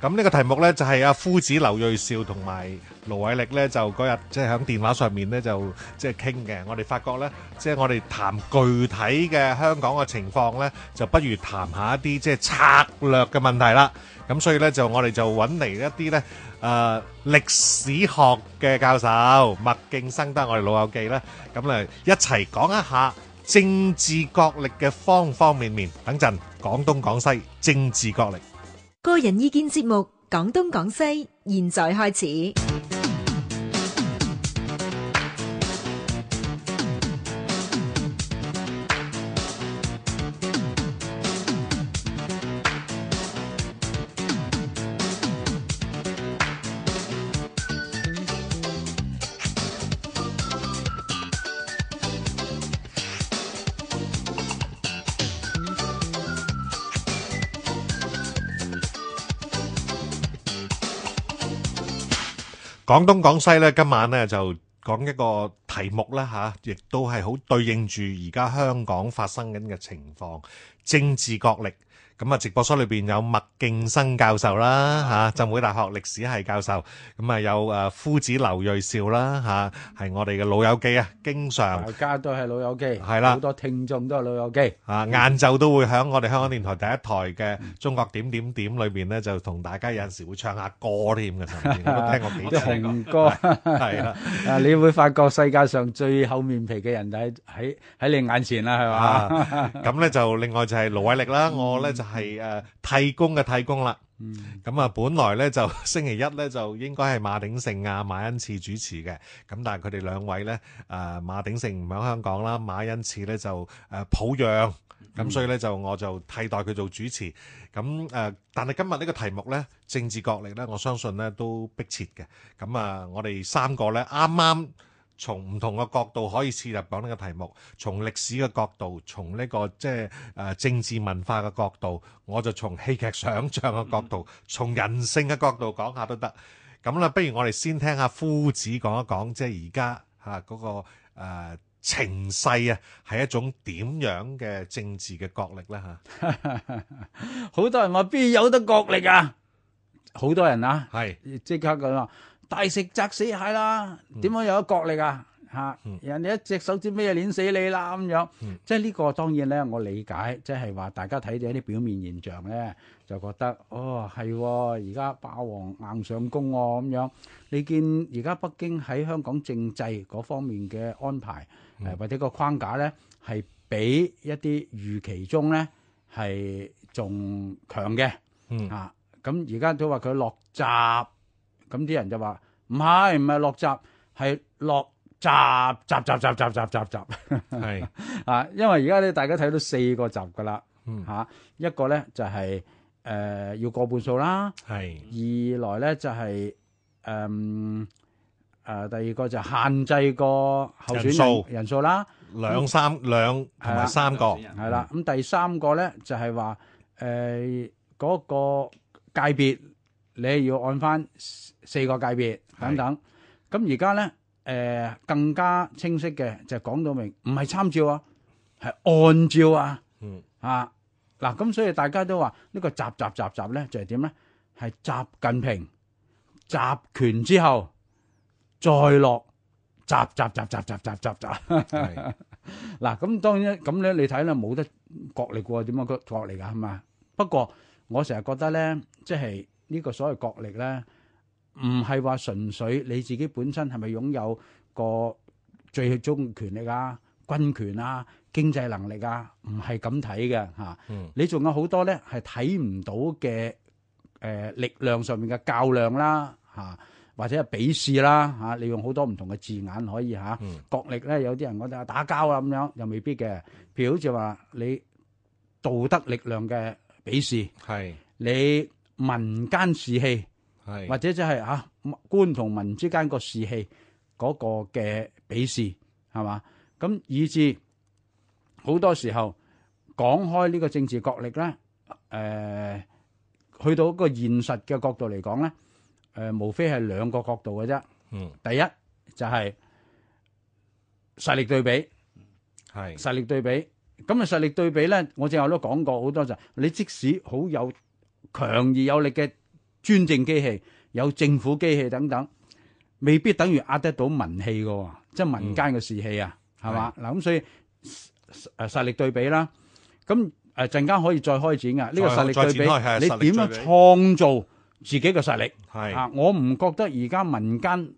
咁呢個題目呢，就係、是、阿、啊、夫子劉銳紹同埋盧偉力呢。就嗰日即係響電話上面呢，就即係傾嘅。我哋發覺呢，即、就、係、是、我哋談具體嘅香港嘅情況呢，就不如談一下一啲即係策略嘅問題啦。咁所以呢，就我哋就揾嚟一啲呢誒歷史學嘅教授麥勁生得我哋老友記呢。咁嚟一齊講一下政治角力嘅方方面面。等陣講東講西政治角力。個人意見節目，講東講西，現在開始。講東講西咧，今晚咧就講一個題目啦嚇，亦都係好對應住而家香港發生緊嘅情況，政治角力。咁啊，直播室裏邊有麥勁生教授啦，嚇，浸會大學歷史系教授。咁啊，有誒夫子劉銳紹啦，嚇，係我哋嘅老友記啊，經常。大家都係老友記。係啦。好多聽眾都係老友記。啊，晏晝都會響我哋香港電台第一台嘅中國點點點裏邊咧，就同大家有陣時會唱下歌添嘅，係咪？有冇聽過幾次啊？啲情歌。係啦。啊，你會發覺世界上最厚面皮嘅人就喺喺喺你眼前啦，係嘛？咁咧就另外就係盧偉力啦，我咧就。係誒替工嘅替工啦，咁啊，呃嗯、本來咧就星期一咧就應該係馬鼎盛啊、馬恩賜主持嘅，咁但係佢哋兩位咧誒、呃、馬鼎盛唔喺香港啦，馬恩賜咧就誒、呃、抱恙，咁、嗯、所以咧就我就替代佢做主持，咁誒，但係今日呢個題目咧政治角力咧，我相信咧都迫切嘅，咁啊，我哋三個咧啱啱，剛剛從唔同嘅角度可以設立講呢個題目，從歷史嘅角度，從呢、這個即係誒政治文化嘅角度，我就從戲劇想象嘅角度，從、嗯、人性嘅角度講下都得。咁啦，不如我哋先聽下夫子講一講，即係而家吓嗰個誒情勢啊，係、那個呃啊、一種點樣嘅政治嘅角力啦吓。 好多人話邊有得角力啊？好多人啊，係即是刻咁話。大石砸死蟹啦，點樣有得角力啊？嚇、嗯，人哋一隻手指咩嘢碾死你啦咁樣，嗯、即係呢個當然咧，我理解，即係話大家睇到一啲表面現象咧，就覺得哦係而家霸王硬上弓喎咁樣。你見而家北京喺香港政制嗰方面嘅安排，誒、嗯、或者個框架咧，係比一啲預期中咧係仲強嘅。嗯，嚇咁而家都話佢落閘。咁啲人就話唔係，唔係落閘，係落閘閘閘閘閘閘閘閘係啊，是 因為而家咧大家睇到四個閘噶啦嚇，嗯、一個咧就係、是、誒、呃、要過半數啦，係是二來咧就係誒誒第二個就限制個候選人數人數啦，兩三兩同埋、嗯、三個係啦，咁、嗯、第三個咧就係話誒嗰個界別，你要按翻四個界別等等，咁而家咧誒更加清晰嘅就講到明，唔係參照啊，係按照啊，嗯啊嗱，咁所以大家都話呢個集集集集咧就係點咧？係習近平集權之後再落集集集集集集集集，嗱咁當然咁咧，你睇咧冇得角力喎，點樣個角力㗎係嘛？不過我成日覺得咧，即係。呢個所謂角力咧，唔係話純粹你自己本身係咪擁有個最終權力啊、軍權啊、經濟能力啊，唔係咁睇嘅嚇。啊嗯、你仲有好多咧係睇唔到嘅誒、呃、力量上面嘅較量啦嚇、啊，或者係比試啦嚇，你、啊、用好多唔同嘅字眼可以嚇角、啊嗯、力咧。有啲人覺得打交啦咁樣又未必嘅，譬如好似話你道德力量嘅比試係你。民間士氣，或者即係啊官同民之間個士氣嗰個嘅比試，係嘛？咁以至好多時候講開呢個政治角力咧，誒去到一個現實嘅角度嚟講咧，誒無非係兩個角度嘅啫。嗯，第一就係實力對比，係實力對比。咁啊實力對比咧，我正話我都講過好多次，你即使好有強而有力嘅專政機器，有政府機器等等，未必等於壓得到民氣嘅，即係民間嘅士氣啊，係嘛、嗯？嗱咁吧、嗯、所以誒實力對比啦，咁誒陣間可以再開展噶。呢、這個實力對比，你點樣創造自己嘅實力？係是啊，我唔覺得而家民間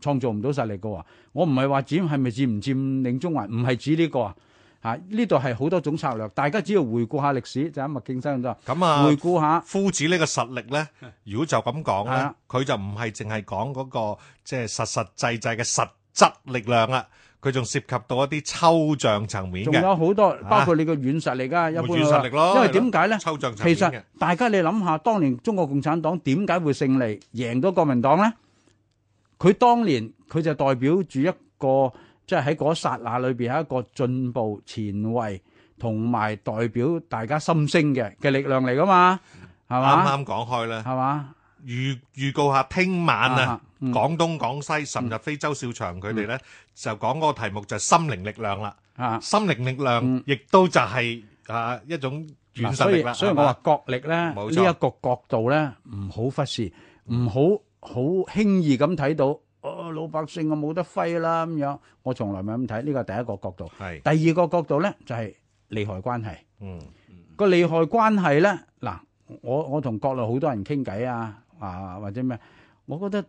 創造唔到實力嘅。我唔係話佔係咪佔唔佔領中環，唔係指呢、這個。啊！呢度係好多種策略，大家只要回顧下歷史就喺麥勁生度咁。回顧下夫子呢個實力咧，如果就咁講咧，佢就唔係淨係講嗰個即係實實際際嘅實質力量啦。佢仲涉及到一啲抽象層面嘅。仲有好多，包括你個軟實力噶，一般啦。軟實力咯，因為點解咧？抽象層面嘅。其實大家你諗下，當年中國共產黨點解會勝利贏到國民黨咧？佢當年佢就代表住一個。即係喺嗰剎那裏邊，係一個進步、前衞同埋代表大家心聲嘅嘅力量嚟噶嘛？係嘛？啱啱講開咧，係嘛？預預告下聽晚啊，講東講西、甚至非洲小場，佢哋咧就講嗰個題目就係心靈力量啦。啊，心靈力量亦都就係啊一種軟實力啦。所以所以我話角力咧呢一個角度咧，唔好忽視，唔好好輕易咁睇到。老百姓我冇得揮啦咁樣。我從來唔係咁睇，呢個係第一個角度。係是第二個角度咧，就係、是、利害關係。嗯，個利害關係咧，嗱，我我同國內好多人傾偈啊，啊或者咩，我覺得。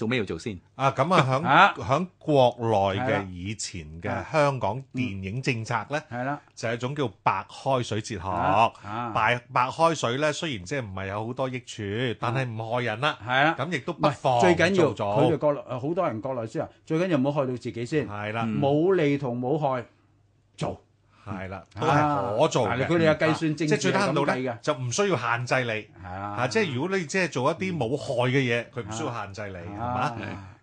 做咩要做先？啊咁，啊，響響國內嘅以前嘅香港電影政策咧，係啦，就係一種叫白開水哲學。白白開水咧，雖然即係唔係有好多益處，但係唔害人啦。係啊，咁亦都不妨做做。佢哋國內呃，好多人國內先啊，最緊要唔好害到自己先。係啦，冇利同冇害做。係啦，都係可做嘅。佢哋有計算精，即係最低限度咧，就唔需要限制你。嚇，即係如果你即係做一啲冇害嘅嘢，佢唔需要限制你，係嘛？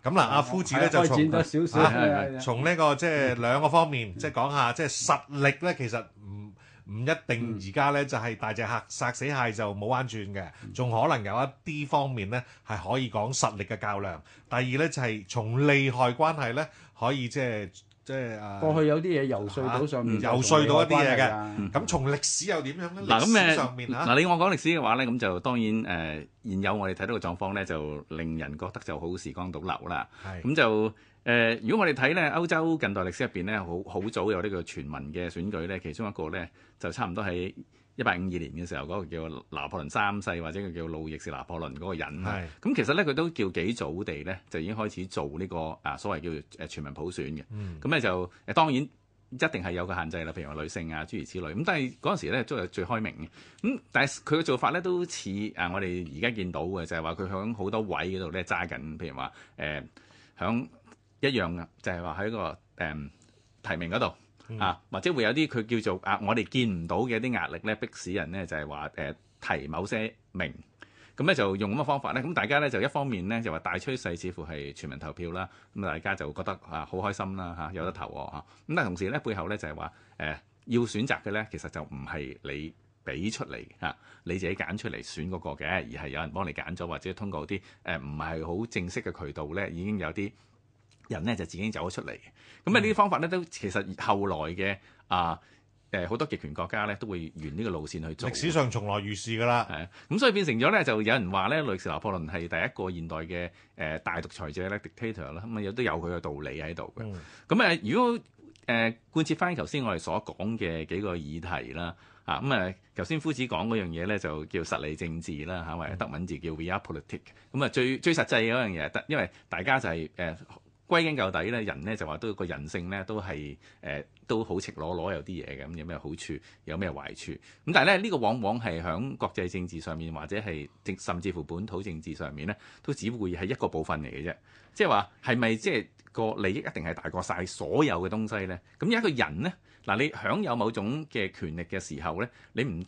咁嗱，阿夫子咧就講多少少。從呢個即係兩個方面，即係講下，即係實力咧，其實唔唔一定而家咧就係大隻客殺死蟹就冇彎轉嘅，仲可能有一啲方面咧係可以講實力嘅較量。第二咧就係從利害關係咧可以即係。即係誒，過去有啲嘢游説到上面、啊，游説到一啲嘢嘅。咁、啊嗯、從歷史又點樣咧？啊、歷史上面嗱、啊啊啊、你我講歷史嘅話咧，咁就當然誒、呃，現有我哋睇到嘅狀況咧，就令人覺得就好時光倒流啦。係是。咁就誒、呃，如果我哋睇咧歐洲近代歷史入邊咧，好好早有呢個全民嘅選舉咧，其中一個咧就差唔多喺。一八五二年嘅時候，嗰、那個叫做拿破崙三世，或者佢叫路易士拿破崙嗰個人，咁是其實咧佢都叫幾早地咧，就已經開始做呢、這個啊所謂叫做全民普選嘅，咁咧、嗯、就當然一定係有個限制啦，譬如話女性啊，諸如此類。咁但係嗰陣時咧，都係最開明嘅。咁但係佢嘅做法咧，都似啊我哋而家見到嘅，就係話佢響好多位嗰度咧揸緊，譬如話誒響一樣嘅，就係話喺個誒、呃、提名嗰度。啊，或者會有啲佢叫做啊，我哋見唔到嘅啲壓力咧，迫使人咧就係話誒提某些名，咁咧就用咁嘅方法咧，咁大家咧就一方面咧就話大趨勢似乎係全民投票啦，咁大家就覺得啊好開心啦嚇，有得投喎嚇，咁但同時咧背後咧就係話誒要選擇嘅咧，其實就唔係你俾出嚟嚇，你自己揀出嚟選嗰個嘅，而係有人幫你揀咗，或者通過啲誒唔係好正式嘅渠道咧，已經有啲人咧就自己走咗出嚟，咁啊呢啲方法咧都其實後來嘅啊誒好多極權國家咧都會沿呢個路線去做。歷史上從來如是㗎啦，咁所以變成咗咧就有人話咧，例如拿破崙係第一個現代嘅誒、呃、大獨裁者咧，dictator 啦，咁啊亦都有佢嘅道理喺度嘅。咁啊、嗯、如果誒、呃、貫徹翻頭先我哋所講嘅幾個議題啦，啊咁啊頭先夫子講嗰樣嘢咧就叫實利政治啦嚇、啊，或者德文字叫 Realpolitik、啊。咁啊最最，最實際嗰樣嘢，因為大家就係、是、誒。歸根究底咧，人咧就話都個人性咧都係誒、呃、都好赤裸裸有啲嘢嘅，咁有咩好處，有咩壞處？咁但係咧呢個往往係喺國際政治上面，或者係政甚至乎本土政治上面咧，都只會係一個部分嚟嘅啫。即係話係咪即係個利益一定係大過晒所有嘅東西咧？咁有一個人咧，嗱你享有某種嘅權力嘅時候咧，你唔？